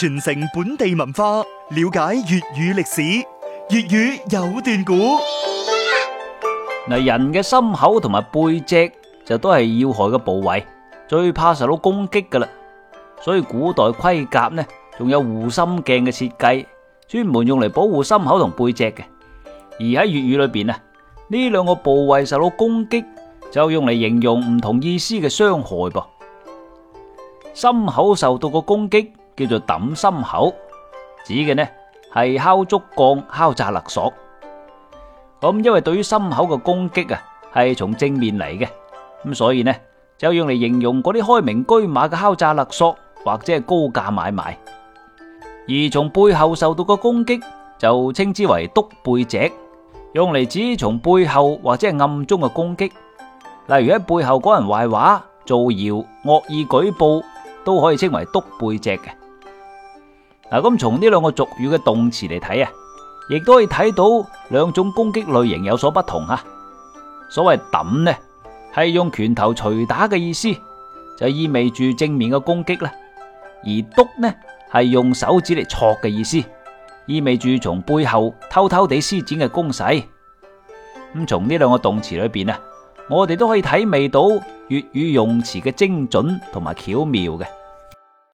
傳承本地文化，了解粵語歷史。粵語有段古，嗱人嘅心口同埋背脊就都係要害嘅部位，最怕受到攻擊噶啦。所以古代盔甲呢，仲有護心鏡嘅設計，專門用嚟保護心口同背脊嘅。而喺粵語裏邊啊，呢兩個部位受到攻擊，就用嚟形容唔同意思嘅傷害噃。心口受到個攻擊。叫做揼心口，指嘅呢係敲竹槓、敲詐勒索。咁因為對於心口嘅攻擊啊，係從正面嚟嘅，咁所以呢就用嚟形容嗰啲開明車馬嘅敲詐勒索或者係高價買賣。而從背後受到嘅攻擊，就稱之為篤背脊，用嚟指從背後或者係暗中嘅攻擊，例如喺背後講人壞話、造謠、惡意舉報，都可以稱為篤背脊嘅。嗱，咁從呢兩個俗語嘅動詞嚟睇啊，亦都可以睇到兩種攻擊類型有所不同。所謂揼呢，係用拳頭捶打嘅意思，就意味住正面嘅攻擊啦；而篤呢，係用手指嚟戳嘅意思，意味住從背後偷偷地施展嘅攻勢。咁從呢兩個動詞裏邊啊，我哋都可以體味到粵語用詞嘅精準同埋巧妙嘅。